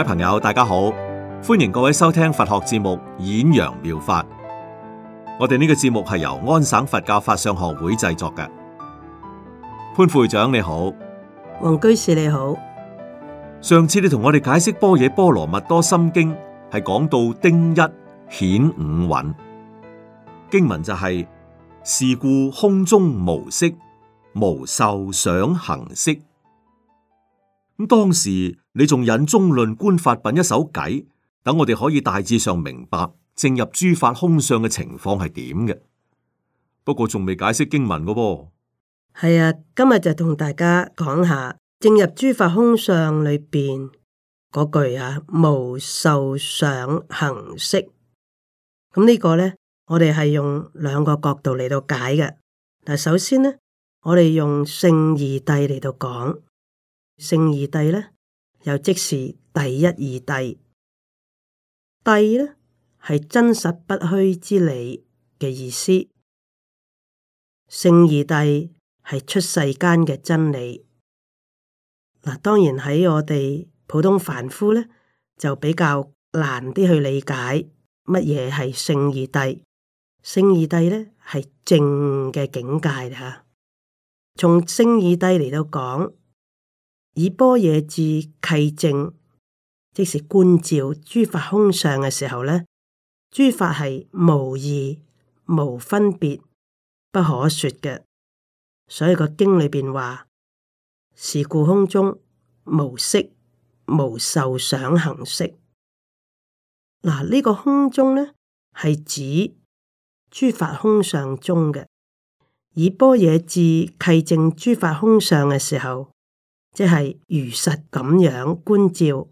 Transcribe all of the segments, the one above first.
各位朋友，大家好，歡迎各位收聽佛學節目《演揚妙，妙法》。我哋呢個節目係由安省佛教法上學會製作嘅。潘副會長你好，王居士你好。上次你同我哋解釋《般若波羅蜜多心經》，係講到丁一顯五蘊經文就係、是：事故空中無色，無受想行識。咁當時你仲引中論觀法品一首偈，等我哋可以大致上明白正入諸法空相嘅情況係點嘅。不過仲未解釋經文噶喎。係啊，今日就同大家講下正入諸法空相裏邊嗰句啊，無受想行識。咁、嗯，這個、呢個咧，我哋係用兩個角度嚟到解嘅但首先咧，我哋用聖義諦嚟到講。聖義諦呢，又即是第一義諦。諦呢，係真實不虛之理嘅意思。聖義諦係出世間嘅真理。嗱，當然喺我哋普通凡夫呢，就比較難啲去理解乜嘢係聖義諦。聖義諦呢，係正嘅境界吓，從聖義諦嚟到講。以般若至契證，即是觀照諸法空相嘅時候呢，諸法係無異、無分別、不可說嘅，所以個經裏邊話是故空中無色、無受想行識。嗱，呢、這個空中呢係指諸法空相中嘅，以般若至契證諸法空相嘅時候。即係如實咁樣觀照，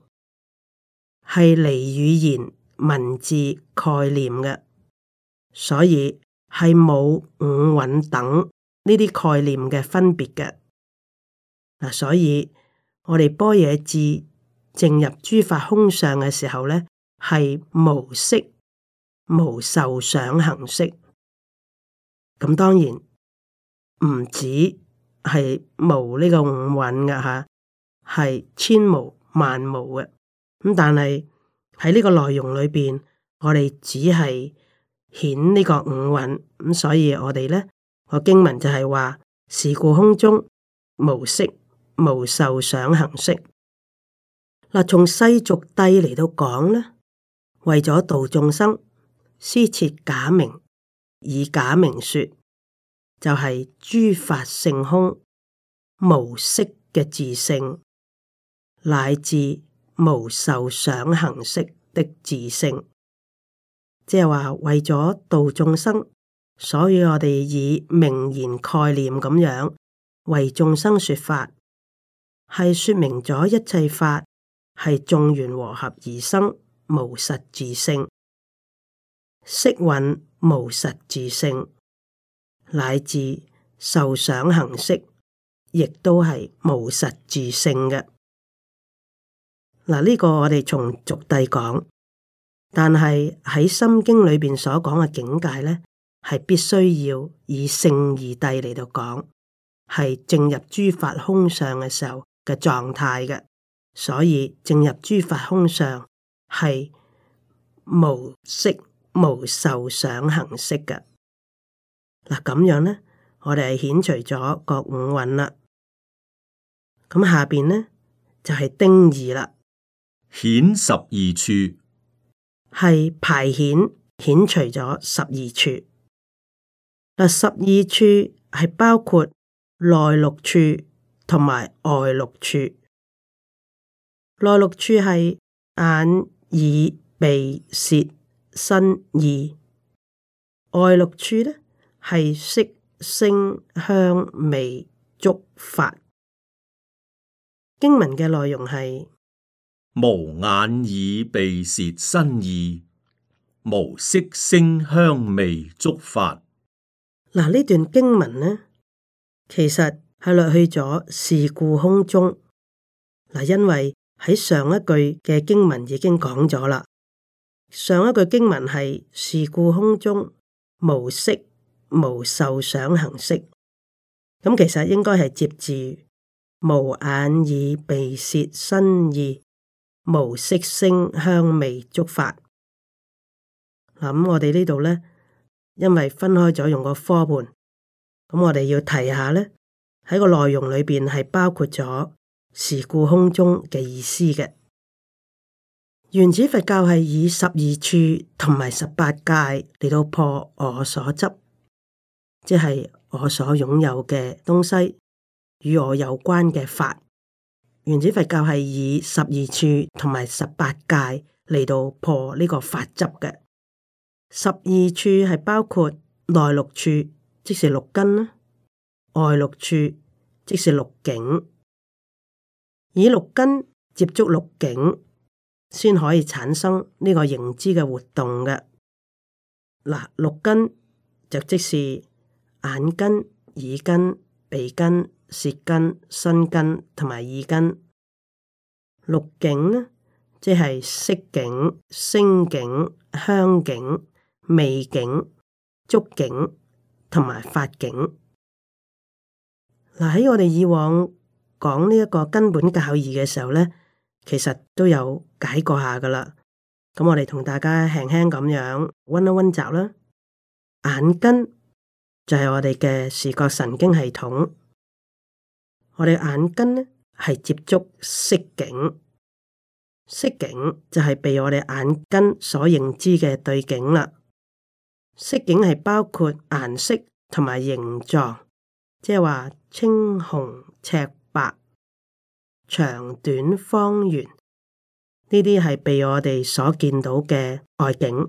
係離語言、文字、概念嘅，所以係冇五蘊等呢啲概念嘅分別嘅嗱。所以我哋般若智正入諸法空相嘅時候咧，係無色、無受想行識，咁當然唔止。係無呢個五蘊嘅吓，係千無萬無嘅。咁但係喺呢個內容裏邊，我哋只係顯呢個五蘊。咁所以我哋咧個經文就係話，是故空中無色無受想行識。嗱，從世俗諦嚟到講咧，為咗度眾生，施設假名以假名說。就係諸法性空無色嘅自性，乃至無受想行識的自性，即係話為咗度眾生，所以我哋以名言概念咁樣為眾生說法，係說明咗一切法係眾緣和合而生，無實自性，色蘊無實自性。乃至受想行識，亦都係無實自性嘅。嗱，呢個我哋從俗諦講，但係喺《心經》裏邊所講嘅境界咧，係必須要以勝義諦嚟到講，係進入諸法空相嘅時候嘅狀態嘅。所以進入諸法空相係無色、無受想行識嘅。嗱，咁樣咧，我哋係遣除咗個五蘊啦。咁、嗯、下邊咧就係、是、丁二啦，遣十二處，係排遣遣除咗十二處。嗱、嗯，十二處係包括內六處同埋外六處。內六處係眼耳鼻舌身意，外六處咧，係色聲香味觸法。經文嘅內容係無眼耳鼻舌身意，無色聲香味觸法。嗱，呢段經文呢，其實係落去咗是故空中。嗱，因為喺上一句嘅經文已經講咗啦，上一句經文係是故空中無色。無受想行識，咁其實應該係接住無眼耳鼻舌身意，無色聲香味觸法。嗱、嗯，咁我哋呢度呢，因為分開咗用個科判，咁、嗯、我哋要提下呢，喺個內容裏邊係包括咗是故空中嘅意思嘅。原始佛教係以十二處同埋十八界嚟到破我所執。即係我所擁有嘅東西，與我有關嘅法。原始佛教係以十二處同埋十八界嚟到破呢個法執嘅。十二處係包括內六處，即是六根啦；外六處，即是六境。以六根接觸六境，先可以產生呢個認知嘅活動嘅。嗱，六根就即是。眼根、耳根、鼻根、舌根、身根同埋意根，六境咧，即係色境、聲境、香境、味境、觸境同埋法境。嗱，喺、啊、我哋以往講呢一個根本教義嘅時候咧，其實都有解過下噶啦。咁我哋同大家輕輕咁樣溫一溫習啦，眼根，就係我哋嘅視覺神經系統，我哋眼根咧係接觸色境，色境就係被我哋眼根所認知嘅對境啦。色境係包括顏色同埋形狀，即係話青紅赤白、長短方圓，呢啲係被我哋所見到嘅外境。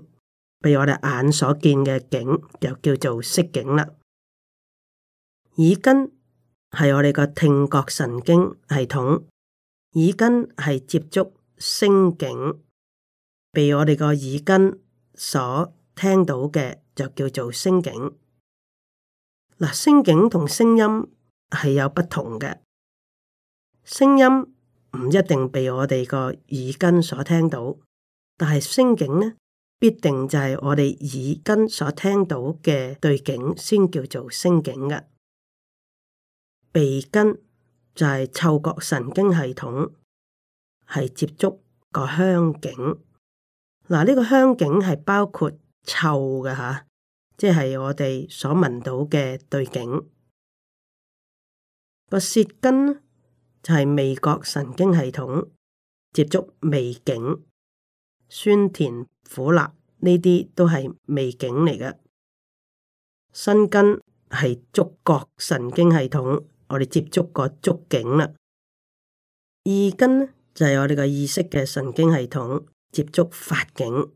被我哋眼所見嘅境，就叫做色境啦。耳根係我哋個聽覺神經系統，耳根係接觸聲境。被我哋個耳根所聽到嘅，就叫做聲境。嗱，聲境同聲音係有不同嘅。聲音唔一定被我哋個耳根所聽到，但係聲境呢？必定就係我哋耳根所聽到嘅對境，先叫做聲境嘅。鼻根就係嗅覺神經系統，係接觸個香境。嗱、啊、呢、這個香境係包括臭嘅吓，即係我哋所聞到嘅對境。這個舌根就係味覺神經系統，接觸味境。酸甜苦辣呢啲都係味境嚟嘅。身根係觸覺神經系統，我哋接觸個觸境啦。意根呢就係、是、我哋個意識嘅神經系統，接觸法境，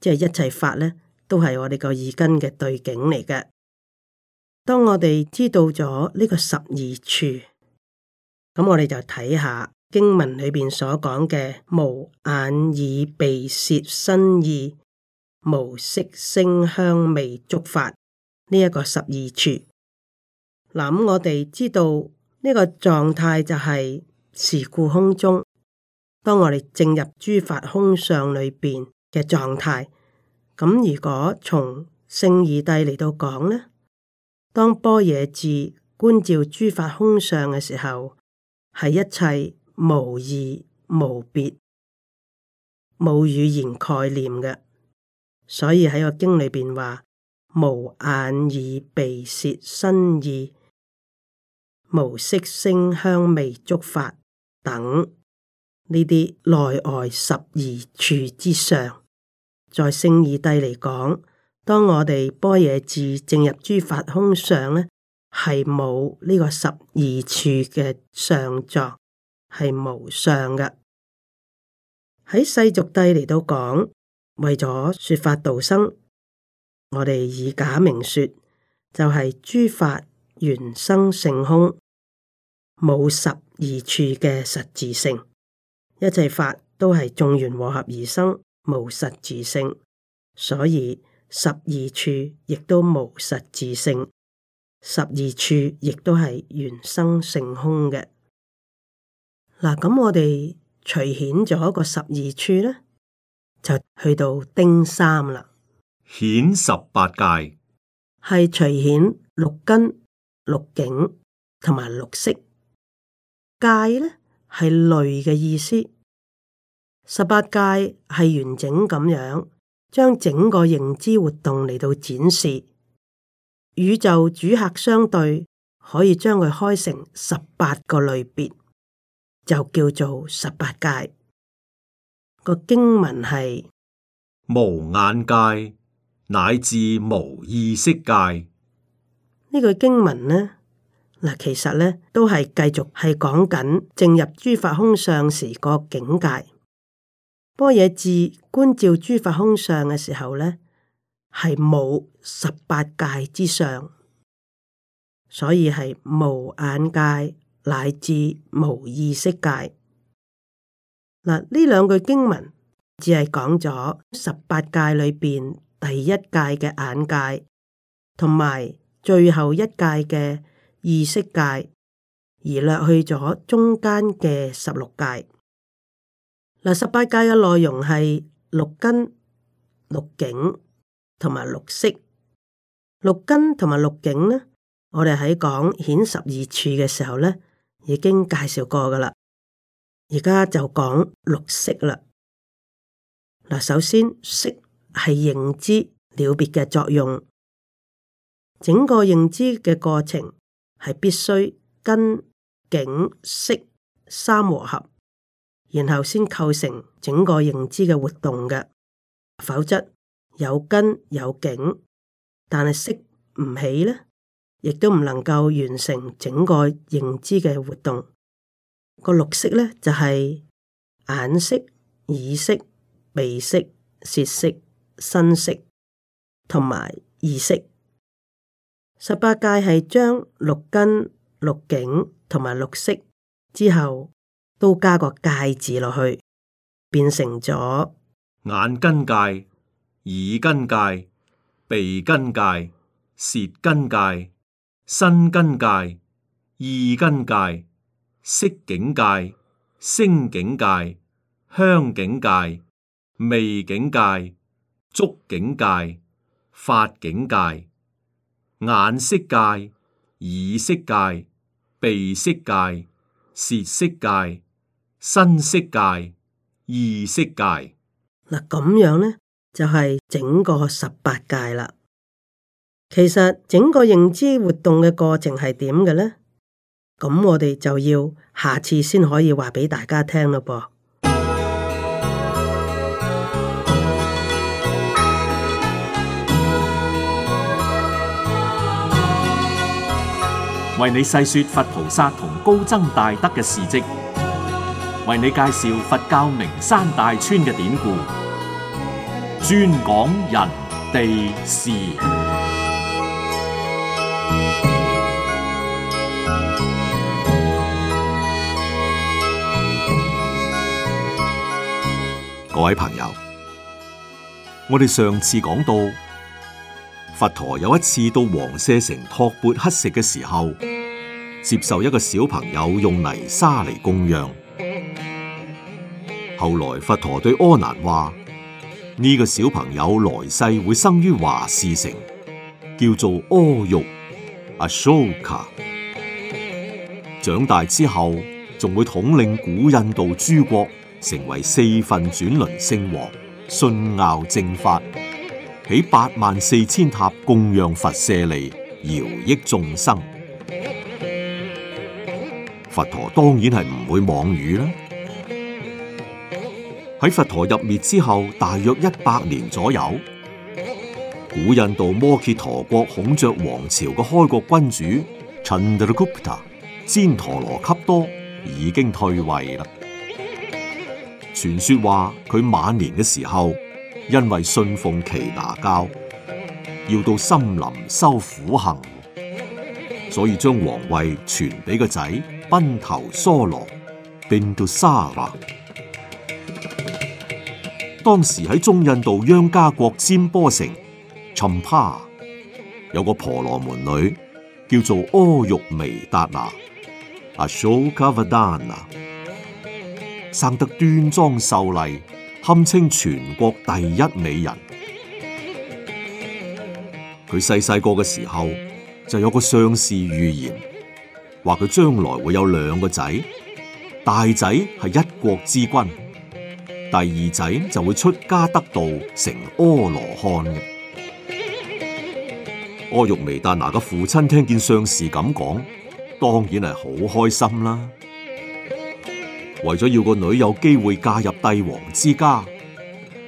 即係一切法呢都係我哋個意根嘅對境嚟嘅。當我哋知道咗呢個十二處，咁我哋就睇下。經文裏面所講嘅無眼耳鼻舌身意，無色聲香味觸法呢一、這個十二處，諗、嗯、我哋知道呢、這個狀態就係是故空中。當我哋進入諸法空相裏邊嘅狀態，咁如果從聖義諦嚟到講呢，當般若智觀照諸法空相嘅時候，係一切。無意無別，冇語言概念嘅，所以喺個經裏邊話無眼耳鼻舌身意，無色聲香味觸法等呢啲內外十二處之相，在聖義諦嚟講，當我哋般若智正入諸法空相咧，係冇呢個十二處嘅相作。係無上嘅，喺世俗諦嚟到講，為咗說法度生，我哋以假名說，就係、是、諸法原生性空，冇十二處嘅實自性，一切法都係眾緣和合而生，冇實自性，所以十二處亦都冇實自性，十二處亦都係原生性空嘅。嗱，咁我哋除顯咗一個十二處咧，就去到丁三啦。顯十八界，係除顯六根、六境同埋六識。界咧係類嘅意思，十八界係完整咁樣，將整個認知活動嚟到展示。宇宙主客相對，可以將佢開成十八個類別。就叫做十八界。個經文係無眼界乃至無意識界，呢句經文呢，嗱，其實呢都係繼續係講緊正入諸法空相時個境界。般若智觀照諸法空相嘅時候呢，係冇十八界之上，所以係無眼界。乃至無意識界。嗱，呢兩句經文只係講咗十八界裏邊第一界嘅眼界，同埋最後一界嘅意識界，而略去咗中間嘅十六界。嗱，十八界嘅內容係六根、六境同埋六識。六根同埋六境呢，我哋喺講顯十二處嘅時候呢，已經介紹過噶啦，而家就講綠色啦。嗱，首先識係認知了別嘅作用，整個認知嘅過程係必須根境識三和合，合，然後先構成整個認知嘅活動嘅，否則有根有境，但係識唔起咧。亦都唔能夠完成整個認知嘅活動。個六識咧就係、是、眼識、耳識、鼻識、舌識、身識同埋意識。十八界係將六根、六境同埋六識之後都加個界字落去，變成咗眼根界、耳根界、鼻根界、舌根界。身根界、意根界、色境界、聲境界、香境界、味境界、觸境界、法境界、眼識界、耳識界、鼻識界、舌識界、身識界、意識界。嗱，咁樣咧就係、是、整個十八界啦。其實整個認知活動嘅過程係點嘅呢？咁我哋就要下次先可以話俾大家聽咯噃。Luckily, 為你細說佛菩薩同高僧大德嘅事蹟，為你介紹佛教名山大川嘅典故，專講人地事。各位朋友，我哋上次講到，佛陀有一次到王舍城托缽乞食嘅時候，接受一個小朋友用泥沙嚟供養。後來佛陀對阿難話：呢個小朋友來世會生於華氏城，叫做阿育阿修卡，長大之後仲會統領古印度諸國。成為四分轉輪聖王，信奧正法，起八萬四千塔供養佛舍利，饒益眾生。佛陀當然係唔會妄語啦。喺佛陀入滅之後，大約一百年左右，古印度摩揭陀國孔雀王朝嘅開國君主 Chandragupta 旃陀羅笈多已經退位啦。傳說話佢晚年嘅時候，因為信奉奇拿教，要到森林修苦行，所以將皇位傳俾個仔奔頭梭羅，并到沙羅。當時喺中印度央家國尖波城尋帕，a，有個婆羅門女叫做阿育微達娜阿蘇卡維丹啊。生得端莊秀麗，堪稱全國第一美人。佢細細個嘅時候就有個相士預言，話佢將來會有兩個仔，大仔係一國之君，第二仔就會出家得道成阿羅漢。柯玉眉黛娜嘅父親聽見相士咁講，當然係好開心啦。為咗要個女有機會嫁入帝王之家，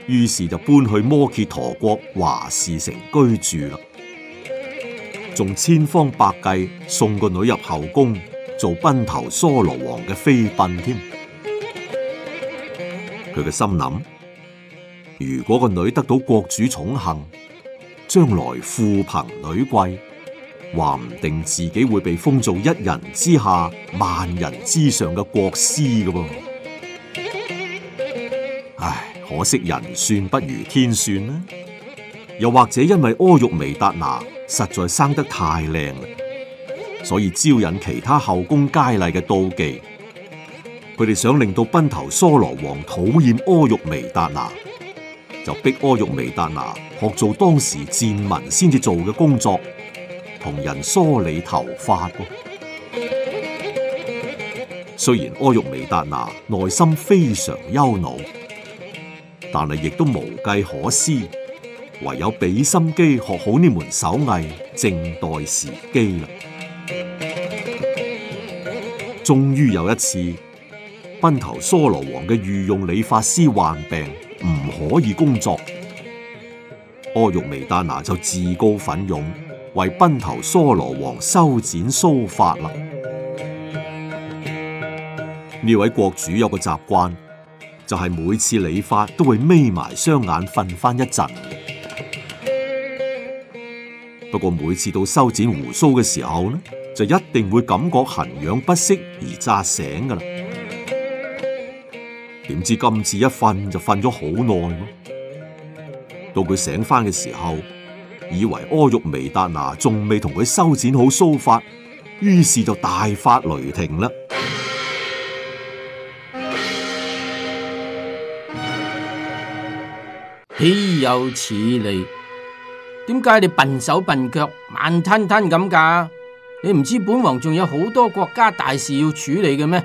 於是就搬去摩羯陀國華氏城居住啦，仲千方百計送個女入後宮做頻婆娑羅王嘅妃嬪添。佢嘅心諗：如果個女得到國主寵幸，將來父憑女貴。話唔定自己會被封做一人之下、萬人之上嘅國師嘅噃。唉，可惜人算不如天算啦。又或者因為柯玉梅達娜實在生得太靚，所以招引其他後宮佳麗嘅妒忌。佢哋想令到賓頭娑羅王討厭柯玉梅達娜，就逼柯玉梅達娜學做當時賤民先至做嘅工作。同人梳理頭髮。雖然柯玉微達娜內心非常憂惱，但係亦都無計可施，唯有俾心機學好呢門手藝，正待時機啦。終於有一次，賓頭娑羅王嘅御用理髮師患病，唔可以工作，柯玉微達娜就自告奮勇。為奔頭娑羅王修剪鬚髮啦！呢位國主有個習慣，就係、是、每次理髮都會眯埋雙眼瞓翻一陣。不過每次到修剪鬍鬚嘅時候呢，就一定會感覺痕癢不適而乍醒噶啦。點知今次一瞓就瞓咗好耐，到佢醒翻嘅時候。以為柯玉眉達娜仲未同佢修剪好鬚髮，於是就大發雷霆啦！豈有此理？點解你笨手笨腳、慢吞吞咁噶？你唔知本王仲有好多國家大事要處理嘅咩？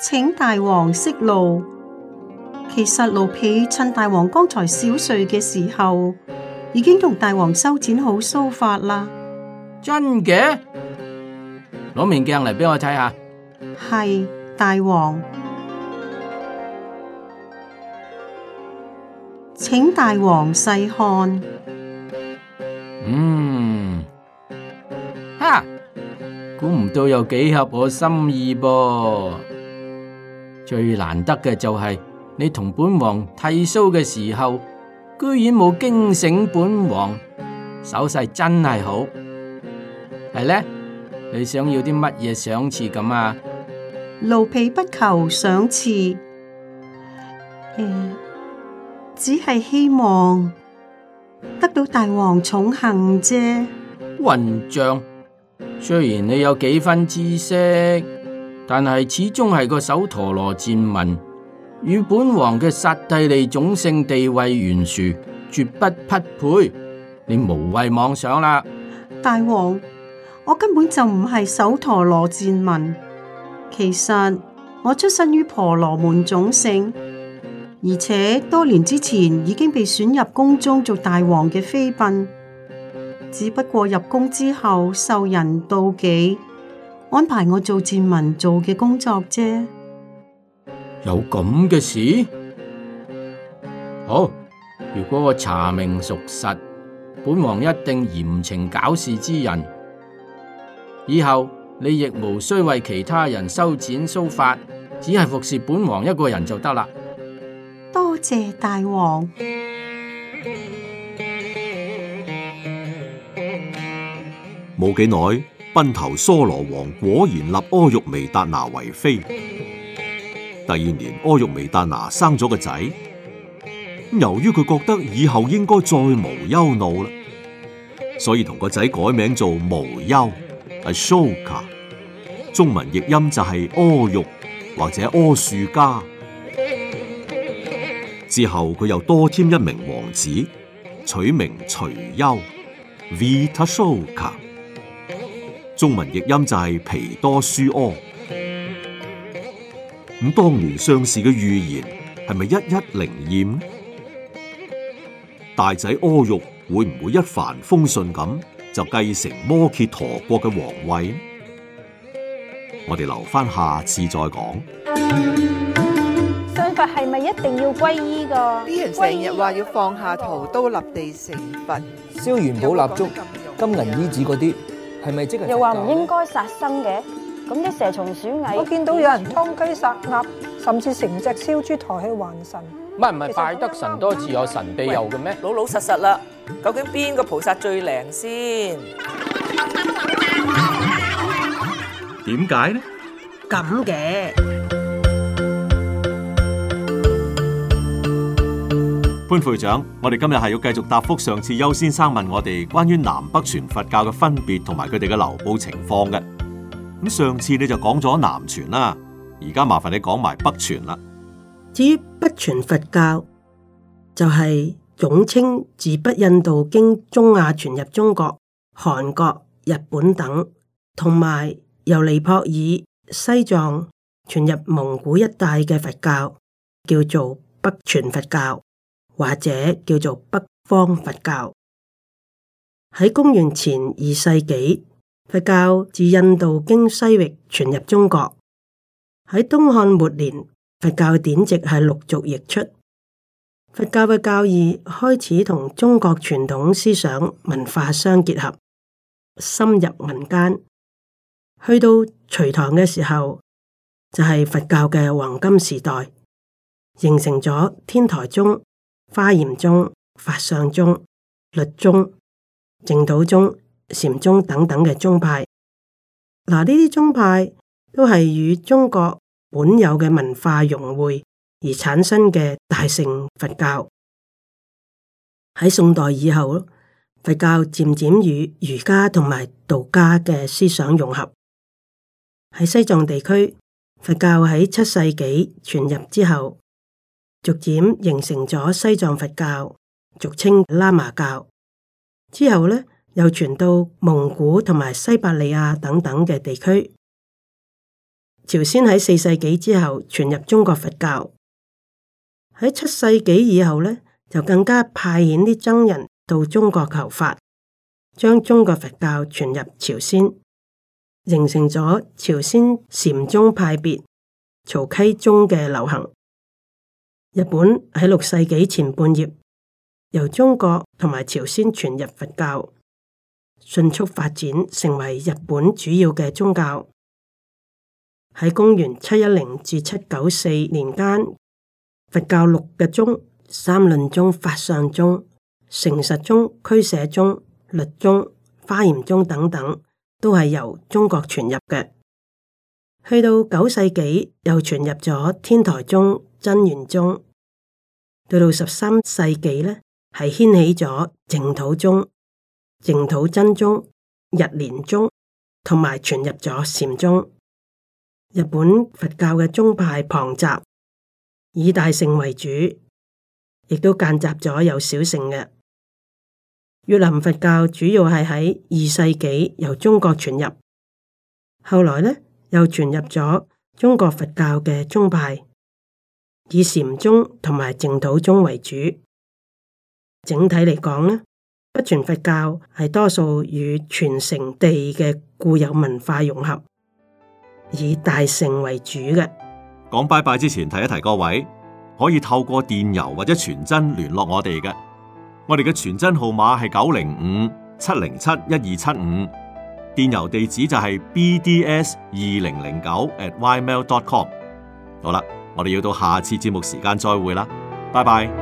請大王息怒。其實奴婢趁大王剛才小睡嘅時候。已經同大王修剪好鬚髮啦。真嘅？攞面鏡嚟俾我睇下。係大王，請大王細看。嗯，哈，估唔到有幾合我心意噃，最難得嘅就係你同本王剃鬚嘅時候。居然冇驚醒本王，手勢真係好。係呢，你想要啲乜嘢賞賜咁啊？奴婢不求賞賜，嗯，只係希望得到大王寵幸啫。混帳，雖然你有幾分知識，但係始終係個首陀羅賤民。與本王嘅剎帝利種姓地位懸殊，絕不匹配。你無謂妄想啦。大王，我根本就唔係首陀羅賤民，其實我出身於婆羅門種姓，而且多年之前已經被選入宮中做大王嘅妃嬪，只不過入宮之後受人妒忌，安排我做賤民做嘅工作啫。有咁嘅事？好，如果我查明屬實，本王一定嚴懲搞事之人。以後你亦無需為其他人修剪鬚髮，只係服侍本王一個人就得啦。多謝大王。冇幾耐，奔頭娑羅王果然立柯玉微達拿為妃。第二年，阿育薇達娜生咗個仔。由於佢覺得以後應該再無憂惱啦，所以同個仔改名做無憂 Ashoka，中文譯音就係阿育或者阿輸迦。之後佢又多添一名王子，取名除憂 Vitashoka，中文譯音就係皮多舒柯。咁當年上士嘅預言係咪一一靈驗？大仔阿育會唔會一帆風順咁就繼承摩羯陀國嘅皇位？我哋留翻下次再講。信佛係咪一定要皈依㗎？啲人成日話要放下屠刀立地成佛，燒元寶蠟燭、金銀衣紙嗰啲，係咪即係又話唔應該殺生嘅？咁啲蛇蟲鼠蟻，我見到有人劏雞殺鴨，甚至成隻燒豬抬去還神。唔係唔係，拜得神多自有神庇佑嘅咩？老老實實啦，究竟邊個菩薩最靈先？點解呢？咁嘅潘會長，我哋今日係要繼續答覆上次邱先生問我哋關於南北傳佛教嘅分別同埋佢哋嘅流布情況嘅。上次你就講咗南傳啦，而家麻煩你講埋北傳啦。至於北傳佛教，就係、是、總稱自北印度經中亞傳入中國、韓國、日本等，同埋由尼泊爾、西藏傳入蒙古一帶嘅佛教，叫做北傳佛教，或者叫做北方佛教。喺公元前二世紀。佛教自印度經西域傳入中國，喺東漢末年，佛教典籍係陸續譯出。佛教嘅教義開始同中國傳統思想文化相結合，深入民間。去到隋唐嘅時候，就係佛教嘅黃金時代，形成咗天台宗、華嚴宗、法相宗、律宗、淨土宗。禪宗等等嘅宗派，嗱，呢啲宗派都係與中國本有嘅文化融匯而產生嘅大乘佛教。喺宋代以後，佛教漸漸與儒家同埋道家嘅思想融合。喺西藏地區，佛教喺七世紀傳入之後，逐漸形成咗西藏佛教，俗稱喇嘛教。之後呢。又傳到蒙古同埋西伯利亞等等嘅地區。朝鮮喺四世紀之後傳入中國佛教，喺七世紀以後呢，就更加派遣啲僧人到中國求法，將中國佛教傳入朝鮮，形成咗朝鮮禪宗派別、曹溪宗嘅流行。日本喺六世紀前半葉由中國同埋朝鮮傳入佛教。迅速發展成為日本主要嘅宗教。喺公元七一零至七九四年間，佛教六個宗、三論宗、法相宗、成實宗、俱舍宗、律宗、華嚴宗等等，都係由中國傳入嘅。去到九世紀，又傳入咗天台宗、真言宗。到到十三世紀呢係掀起咗淨土宗。淨土真宗、日蓮宗同埋傳入咗禪宗，日本佛教嘅宗派龐雜，以大乘為主，亦都間雜咗有小乘嘅。越南佛教主要係喺二世紀由中國傳入，後來咧又傳入咗中國佛教嘅宗派，以禪宗同埋淨土宗為主。整體嚟講咧。北傳佛教係多數與傳承地嘅固有文化融合，以大乘為主嘅。講拜拜之前提一提，各位可以透過電郵或者傳真聯絡我哋嘅。我哋嘅傳真號碼係九零五七零七一二七五，75，電郵地址就係 bds 二零零九 at ymail dot com。好啦，我哋要到下次節目時間再會啦，拜拜。